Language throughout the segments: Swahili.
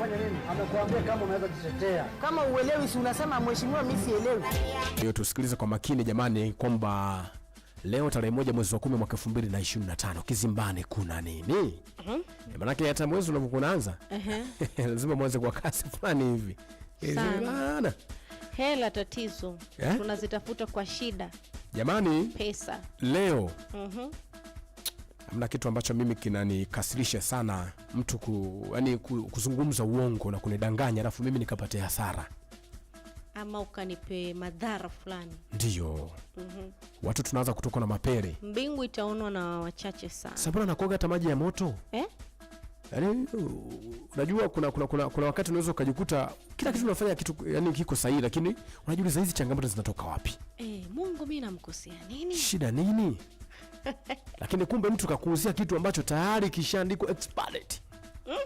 unafanya nini? Amekuambia kama unaweza kujitetea. Kama uelewi, si unasema mheshimiwa, mimi sielewi. Hiyo tusikilize kwa makini jamani, kwamba leo tarehe moja mwezi wa kumi mwaka 2025 Kizimbani kuna nini? uh mhm. -huh. Eh, Maanake hata mwezi unapokuanza mhm. lazima mwanze kwa kasi fulani hivi. Kizimbani. Eh, Hela tatizo, eh? tunazitafuta kwa shida jamani, pesa leo uh mhm. -huh. Mna kitu ambacho mimi kinanikasirisha sana mtu ku, yani kuzungumza uongo na kunidanganya alafu mimi nikapate hasara ama ukanipe madhara fulani. ndio mm -hmm. Watu tunaanza kutoka na mapere, mbingu itaonwa na wachache sana. Sabuna nakoga hata maji ya moto eh? Yani, unajua kuna, kuna, kuna, kuna wakati unaweza ukajikuta kila kitu unafanya kitu yani kiko sahihi, lakini unajiuliza hizi changamoto zinatoka wapi? Eh, Mungu mimi namkosea nini? Shida nini? lakini kumbe mtu kakuuzia kitu ambacho tayari kishaandikwa expired mm?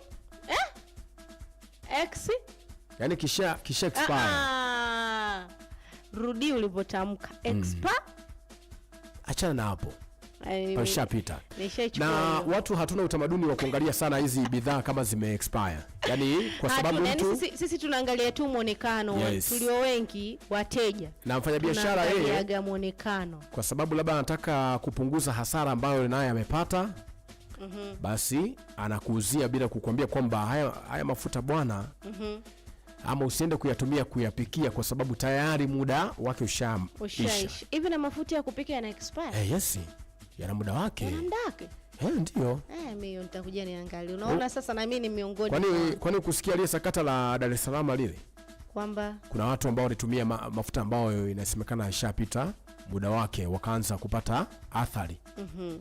eh? Ex? Yani kisha kisha expire. Ah, ah. Rudi ulipotamka hmm. expa. Achana na hapo Pameshapita. Na watu hatuna utamaduni wa kuangalia sana hizi bidhaa kama zime expire. Yaani kwa sababu yaani mtu sisi, sisi tunaangalia tu muonekano yes. Tulio wengi wateja na mfanyabiashara yeye muonekano, kwa sababu labda anataka kupunguza hasara ambayo naye amepata mm -hmm. Basi anakuuzia bila kukuambia kwamba haya, haya mafuta bwana mm -hmm ama usiende kuyatumia kuyapikia kwa sababu tayari muda wake ushaisha. Hivi na mafuta ya kupika yana expire? Eh, yes yana muda wake. Yana muda wake. Eh, ndio. Eh, mimi nitakuja niangalie. Unaona sasa na mimi ni miongoni. Kwani kwani kusikia ile sakata la Dar es Salaam lile? Kwamba kuna watu ambao walitumia ma, mafuta ambayo inasemekana ishapita muda wake wakaanza kupata athari. Mhm. Mm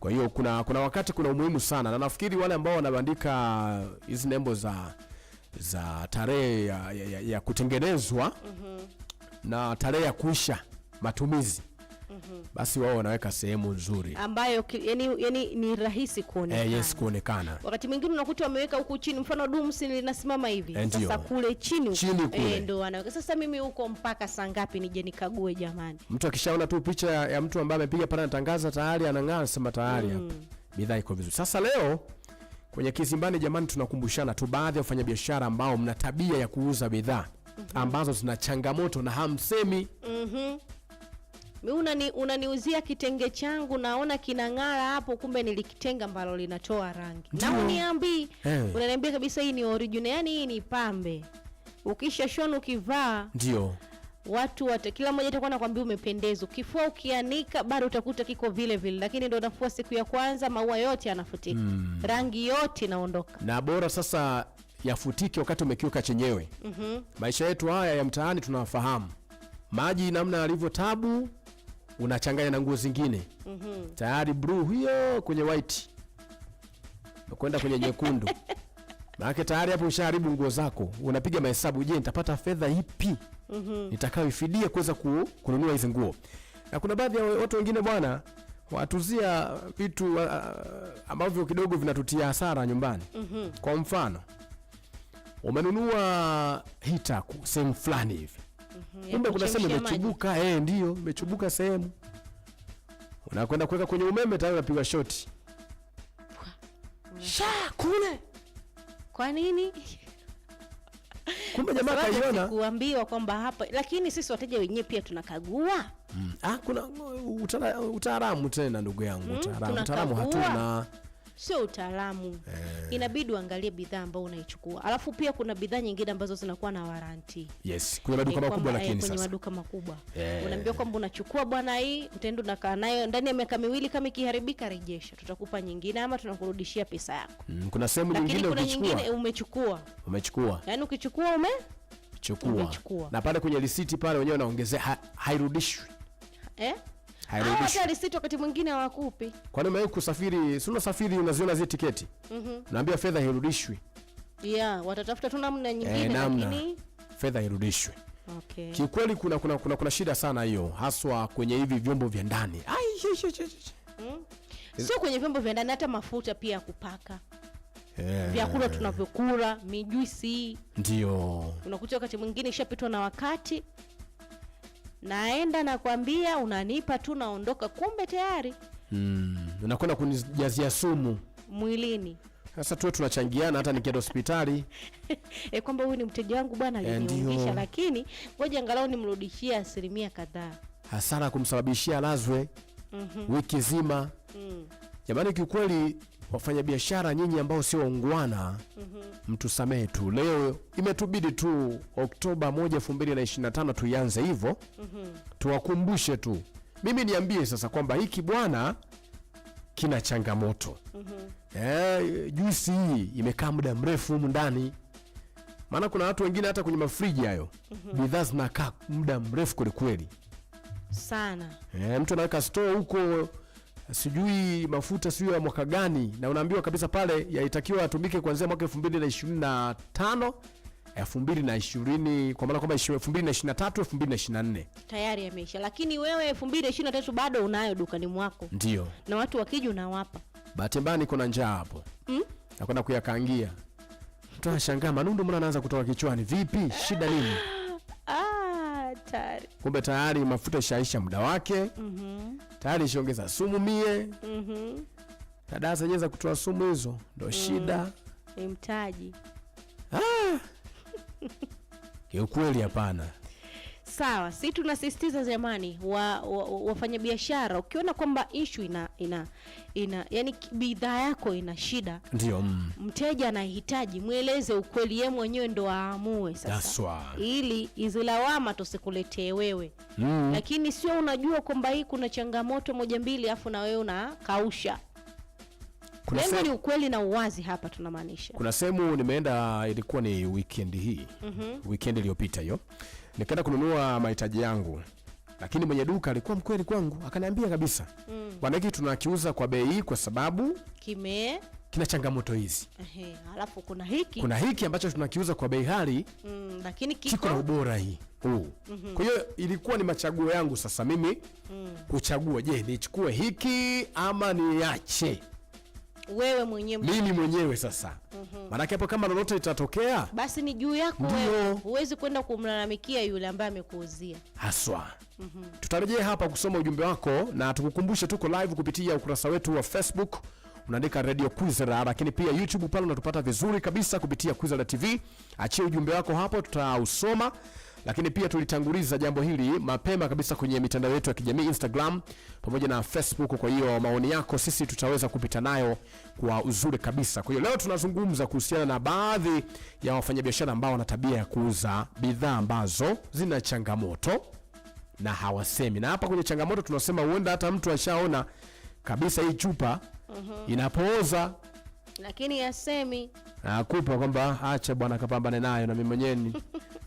kwa hiyo kuna kuna wakati kuna umuhimu sana na nafikiri wale ambao wanabandika hizi nembo za za tarehe ya, ya, ya, ya kutengenezwa mm -hmm. na tarehe ya kuisha matumizi mm -hmm. Basi wao wanaweka sehemu nzuri ambayo yani, yani, ni rahisi kuonekana. Eh, yes, kuonekana. Wakati mwingine unakuta wameweka huku chini, mfano dumsi linasimama hivi Endio. Eh, sasa kule chini, chini kule. Eh, ndo wanaweka sasa. Mimi huko mpaka saa ngapi nije nikague jamani? Mtu akishaona tu picha ya ya mtu ambaye amepiga pale anatangaza tayari, anang'aa anasema tayari mm. hapa bidhaa iko vizuri. Sasa leo kwenye Kizimbani jamani, tunakumbushana tu baadhi ya wafanyabiashara ambao mna tabia ya kuuza bidhaa mm -hmm. ambazo zina changamoto na hamsemi mm -hmm mi unani unaniuzia kitenge changu naona kinang'ara hapo, kumbe nilikitenga ambalo linatoa rangi na uniambii hey. Unaniambia kabisa hii ni original, yani hii ni pambe, ukisha shona ukivaa ndio watu wata, kila mmoja atakuwa anakuambia umependeza. Ukifua ukianika, bado utakuta kiko vile vile, lakini ndio nafua siku ya kwanza, maua yote yanafutika mm. rangi yote inaondoka, na bora sasa yafutike wakati umekiuka chenyewe. mm -hmm. Maisha yetu haya ya mtaani tunafahamu maji namna yalivyo tabu unachanganya na nguo zingine mm -hmm. Tayari blue hiyo kwenye white kwenda kwenye nyekundu maana tayari hapo ushaharibu nguo zako, unapiga mahesabu. Je, nitapata fedha ipi mm -hmm. nitakayoifidia kuweza ku, kununua hizi nguo? Na kuna baadhi ya watu wengine bwana watuzia vitu uh, ambavyo kidogo vinatutia hasara nyumbani mm -hmm. Kwa mfano umenunua hitaku sehemu fulani hivi Mhm, kumbe kuna sehemu imechubuka, eh, ndio imechubuka sehemu, unakwenda kuweka kwenye umeme tayari unapigwa shoti sha kule. Kwa nini? Kumbe jamaa kaiona kuambiwa kwamba hapa, lakini sisi wateja wenyewe pia tunakagua. Mm. Ah, kuna utaalamu tena ndugu yangu, mm, utaalamu hatuna sio utaalamu eh. Inabidi uangalie bidhaa ambayo unaichukua, alafu pia kuna bidhaa nyingine ambazo zinakuwa na waranti. Yes, kuna maduka makubwa lakini eh, sasa, kuna maduka makubwa eh. Unaambiwa kwamba unachukua bwana, hii utaenda unakaa nayo ndani ya miaka miwili, kama ikiharibika rejesha, tutakupa nyingine ama tunakurudishia pesa yako. Mm, kuna sehemu nyingine ukichukua umechukua umechukua, yaani ukichukua ume chukua na pale kwenye risiti pale wenyewe wanaongezea hairudishwi eh wakati mwingine hawakupi. Kwa nini mimi kusafiri, si unasafiri unaziona zile tiketi Mhm. mm Naambia fedha hairudishwi. Yeah, watatafuta tu namna eh, nyingine lakini fedha hairudishwi. Okay. Kikweli kuna, kuna, kuna, kuna shida sana hiyo haswa kwenye hivi vyombo vya ndani Ai. mm. Sio kwenye vyombo vya ndani, hata mafuta pia ya kupaka yeah. Vyakula tunavyokula mijuisi. ndio unakuta wakati mwingine ishapitwa na wakati naenda nakwambia, unanipa tu, naondoka, kumbe tayari mm, unakwenda kunijazia sumu mwilini. Sasa tuwe tunachangiana hata nikienda hospitali e, kwamba huyu ni mteja wangu bwana, eh, aliniungisha, lakini ngoja angalau nimrudishie asilimia kadhaa, hasara kumsababishia lazwe mm -hmm. wiki zima mm. Jamani, kiukweli wafanyabiashara nyinyi ambao sio ungwana mtusamee mtusamehe tu leo, imetubidi tu Oktoba 1, tuianze hivyo mhm. tuwakumbushe tu. Mimi niambie sasa kwamba hiki bwana kina changamoto mm -hmm. eh, juisi hii imekaa muda mrefu humu ndani, maana kuna watu wengine hata kwenye mafriji hayo mm -hmm. bidhaa zinakaa muda mrefu kwelikweli sana. Eh, mtu anaweka store huko sijui mafuta sio ya mwaka gani, na unaambiwa kabisa pale yalitakiwa yatumike kuanzia mwaka 2025 2020 kwa maana kwamba 2023 2024 tayari yameisha, lakini wewe 2023 bado unayo dukani mwako, ndio na watu wakija unawapa. Bahati mbaya niko na njaa hapo mm? nakwenda kuyakaangia. Mtu anashangaa Manundu, mbona anaanza kutoka kichwani? Vipi, shida nini? tayari. Kumbe tayari mafuta ishaisha muda wake. mm -hmm. Tayari ishaongeza sumu mie. mm -hmm. Na dawa zenyewe za kutoa sumu hizo ndo mm. shida ni mtaji. Ah. Kiukweli hapana sawa, si tunasisitiza jamani, wa, wa, wafanyabiashara, ukiona kwamba ishu ina, ina, ina yani bidhaa yako ina shida, ndio mm. mteja anahitaji, mweleze ukweli, yeye mwenyewe ndo aamue sasa, ili izilawama tusikuletee wewe mm. Lakini sio unajua kwamba hii kuna changamoto moja mbili, afu na wewe unakausha Lengo ni ukweli na uwazi hapa tunamaanisha. Kuna sehemu nimeenda, ilikuwa ni weekend hii mm -hmm. Weekend iliyopita hiyo, nikaenda kununua mahitaji yangu, lakini mwenye duka alikuwa mkweli kwangu, akaniambia kabisa mm. bwana, tunakiuza kwa bei hii kwa sababu kime kina changamoto hizi. Ehe, alafu kuna hiki, kuna hiki ambacho tunakiuza kwa bei hali mm, lakini kiko, kiko na ubora hii huu mm -hmm. Kwa hiyo ilikuwa ni machaguo yangu sasa mimi mm. kuchagua, je nichukue hiki ama niache wewe mwenyewe, mimi mwenyewe sasa. mm -hmm. hapo kama lolote litatokea, basi ni juu yako wewe, huwezi kwenda kumlalamikia yule ambaye amekuuzia haswa. mm -hmm. Tutarejea hapa kusoma ujumbe wako na tukukumbushe, tuko live kupitia ukurasa wetu wa Facebook unaandika Radio Kwizera, lakini pia YouTube pale unatupata vizuri kabisa kupitia Kwizera TV. achie ujumbe wako hapo, tutausoma. Lakini pia tulitanguliza jambo hili mapema kabisa kwenye mitandao yetu ya kijamii Instagram pamoja na Facebook. Kwa hiyo maoni yako sisi tutaweza kupita nayo kwa uzuri kabisa. Kwa hiyo leo tunazungumza kuhusiana na baadhi ya wafanyabiashara ambao wana tabia ya kuuza bidhaa ambazo zina changamoto na hawasemi. Na hapa kwenye changamoto tunasema huenda hata mtu ashaona kabisa hii chupa uhum, inapooza lakini yasemi nakupa kwamba acha bwana kapambane nayo na mimi mwenyewe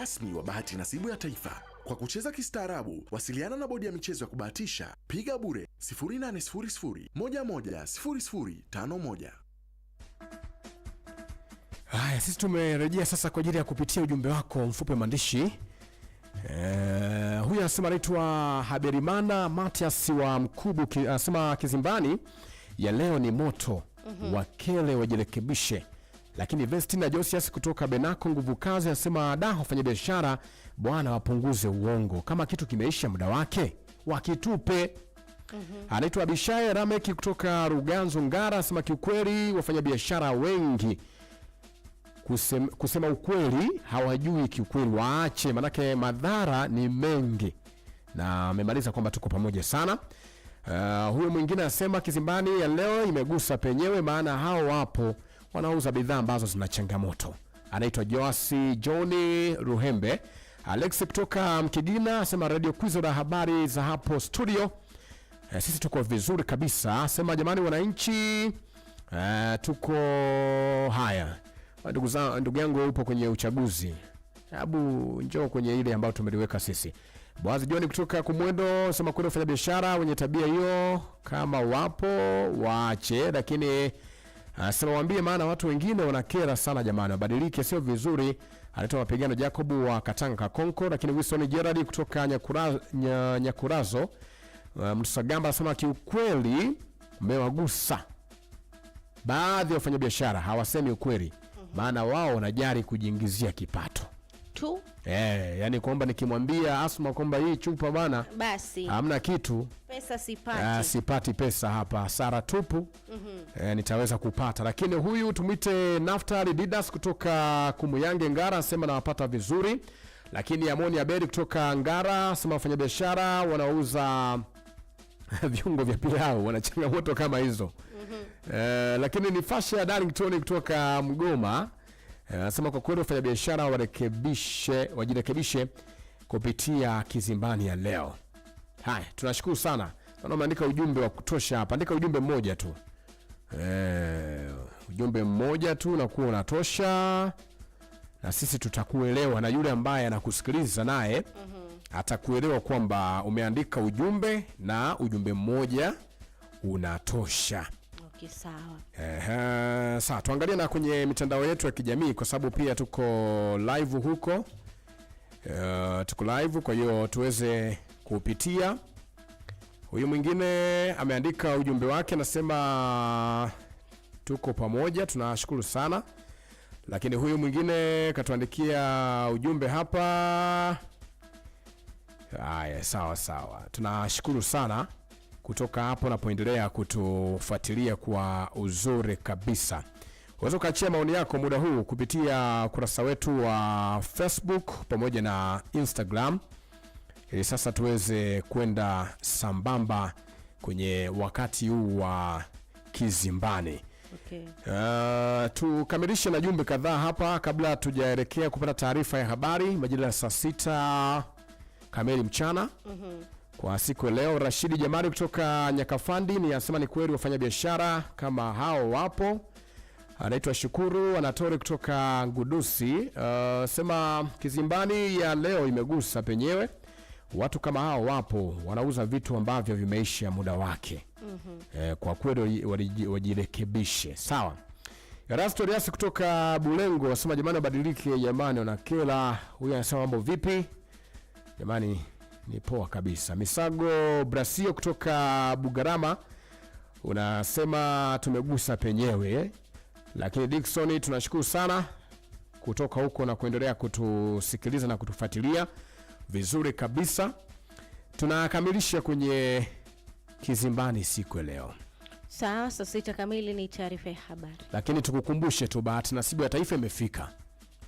rasmi wa bahati nasibu ya taifa kwa kucheza kistaarabu, wasiliana na bodi ya michezo ya kubahatisha. Piga bure 0800 11 0051. Haya, sisi tumerejea sasa kwa ajili ya kupitia ujumbe wako mfupi maandishi. Eh, huyu anasema anaitwa Haberimana Matias wa Mkubu, anasema Kizimbani ya leo ni moto. mm -hmm. Wakele wajirekebishe lakini Vestina Josias kutoka Benako Nguvu Kazi anasema da, biashara bwana wapunguze uongo, kama kitu kimeisha muda wake wakitupe. Mm -hmm. Anaitwa Bishae Rameki kutoka Ruganzo Ngara anasema kiukweli wafanya biashara wengi kusem, kusema ukweli hawajui kiukweli, waache manake madhara ni mengi, na amemaliza kwamba tuko pamoja sana. Uh, huyo mwingine anasema Kizimbani ya leo imegusa penyewe, maana hao wapo wanauza bidhaa ambazo zina changamoto. Anaitwa Joasi Joni Ruhembe. Alexi kutoka Mkigina asema Radio Kwizera la habari za hapo studio. E, sisi tuko vizuri kabisa. Asema jamani, wananchi e, tuko haya. Ndugu zangu, ndugu yangu upo kwenye uchaguzi, hebu njoo kwenye ile ambayo tumeliweka sisi. bwazi Joni kutoka Kumwendo sema kwenda wafanya biashara wenye tabia hiyo kama wapo waache, lakini Ah, Siwaambie maana watu wengine wanakera sana jamani, wabadilike, sio vizuri. anaitwa mapigano Jacob wa Katanga Konko, lakini Wilson Gerard kutoka Nyakura, nya, Nyakurazo uh, ah, Msagamba anasema kiukweli mmewagusa baadhi ya wafanyabiashara, hawasemi ukweli maana wao wanajari kujiingizia kipato tu eh, yani kwamba nikimwambia Asma kwamba hii chupa bana, basi hamna kitu, pesa sipati. Ah, sipati pesa hapa, sara tupu. mm -hmm. Eh, nitaweza kupata, lakini huyu tumwite Naftali Didas kutoka Kumuyange Ngara asema nawapata vizuri, lakini Amoni Abedi kutoka Ngara asema wafanyabiashara wanauza viungo vya pilau wana changamoto kama hizo. mm -hmm. Eh, lakini ni Fasha Darlington kutoka Mgoma Eh, anasema kwa kweli wafanyabiashara warekebishe, wajirekebishe kupitia Kizimbani ya leo. Haya, tunashukuru sana. Naona umeandika ujumbe wa kutosha hapa, andika ujumbe mmoja tu e, ujumbe mmoja tu unakuwa unatosha, na sisi tutakuelewa na yule ambaye anakusikiliza naye mm -hmm. atakuelewa kwamba umeandika ujumbe na ujumbe mmoja unatosha sawa. Ehe, sawa. tuangalie na kwenye mitandao yetu ya kijamii kwa sababu pia tuko live huko. Uh, tuko live kwa hiyo tuweze kupitia. Huyu mwingine ameandika ujumbe wake anasema tuko pamoja, tunashukuru sana. Lakini huyu mwingine katuandikia ujumbe hapa. Aya, sawa sawa, tunashukuru sana kutoka hapo unapoendelea kutufuatilia kwa uzuri kabisa. Unaweza ukaachia maoni yako muda huu kupitia ukurasa wetu wa Facebook pamoja na Instagram, ili sasa tuweze kwenda sambamba kwenye wakati huu wa kizimbani. Okay. Uh, tukamilishe na jumbe kadhaa hapa kabla tujaelekea kupata taarifa ya habari majira ya saa sita kamili mchana. mm -hmm. Kwa siku ya leo, Rashidi Jamari kutoka Nyakafandi ni anasema ni kweli wafanyabiashara kama hao wapo. Anaitwa Shukuru Anatori kutoka Ngudusi, uh, sema Kizimbani ya leo imegusa penyewe. Watu kama hao wapo, wanauza vitu ambavyo vimeisha muda wake. mm -hmm. Eh, kwa kweli wajirekebishe. Sawa. Rastorias kutoka Bulengo anasema jamani, wabadilike jamani, wanakela. Huyu anasema mambo vipi jamani ni poa kabisa. Misago Brasio kutoka Bugarama unasema tumegusa penyewe, lakini Dickson tunashukuru sana kutoka huko na kuendelea kutusikiliza na kutufuatilia vizuri kabisa. Tunakamilisha kwenye Kizimbani siku ya leo saa sita kamili ni taarifa ya habari, lakini tukukumbushe tu bahati nasibu ya taifa imefika,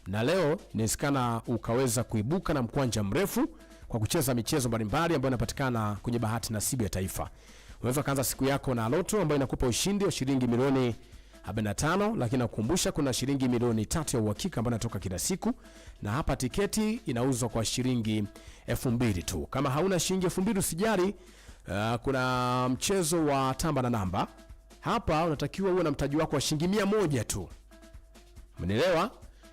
na leo inawezekana ukaweza kuibuka na mkwanja mrefu kwa kucheza michezo mbalimbali ambayo inapatikana kwenye bahati nasibu ya taifa. Unaweza kuanza siku yako na loto ambayo inakupa ushindi wa shilingi milioni 45, lakini nakukumbusha kuna shilingi milioni tatu ya uhakika ambayo inatoka kila siku, na hapa tiketi inauzwa kwa shilingi 2000 tu. Kama hauna shilingi 2000 usijali. Uh, kuna mchezo wa tamba na namba. Hapa unatakiwa uwe na mtaji wako wa shilingi moja tu, umeelewa?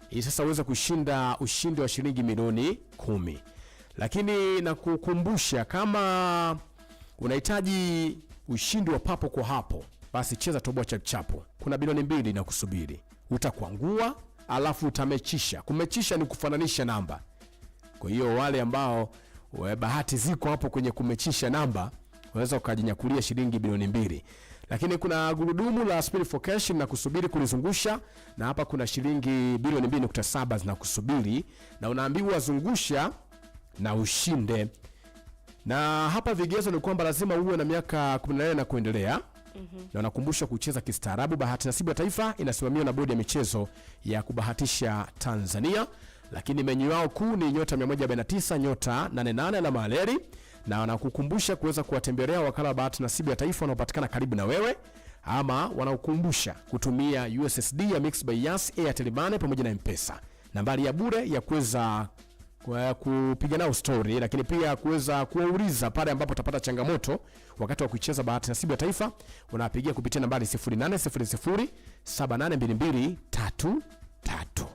Ili sasa uweze kushinda ushindi wa shilingi milioni kumi lakini na kukumbusha kama unahitaji ushindi wa papo kwa hapo, basi cheza toboa chapuchapu. Kuna bilioni mbili na kusubiri. Utakwangua alafu utamechisha. Kumechisha ni kufananisha namba. Kwa hiyo wale ambao bahati ziko hapo kwenye kumechisha namba, unaweza ukajinyakulia shilingi bilioni mbili. Lakini kuna gurudumu la Spirit for Cash na kusubiri kulizungusha, na hapa kuna shilingi bilioni 2.7 zinakusubiri na unaambiwa zungusha na ushinde. Na hapa vigezo ni kwamba lazima uwe na miaka 18 na kuendelea. Mm -hmm. Na unakumbushwa kucheza kistaarabu. Bahati nasibu ya taifa inasimamiwa na bodi ya michezo ya kubahatisha Tanzania, lakini menyu yao kuu ni nyota 149 nyota 88 na maleri, na wanakukumbusha kuweza kuwatembelea wakala wa bahati nasibu ya taifa wanaopatikana karibu na wewe, ama wanakukumbusha kutumia USSD ya Mixx by Yas, Airtel Money pamoja na Mpesa, nambari ya bure ya kuweza kwa kupiga nao stori, lakini pia kuweza kuwauliza pale ambapo utapata changamoto wakati wa kucheza bahati nasibu ya taifa. Unapigia kupitia nambari 0800 22 33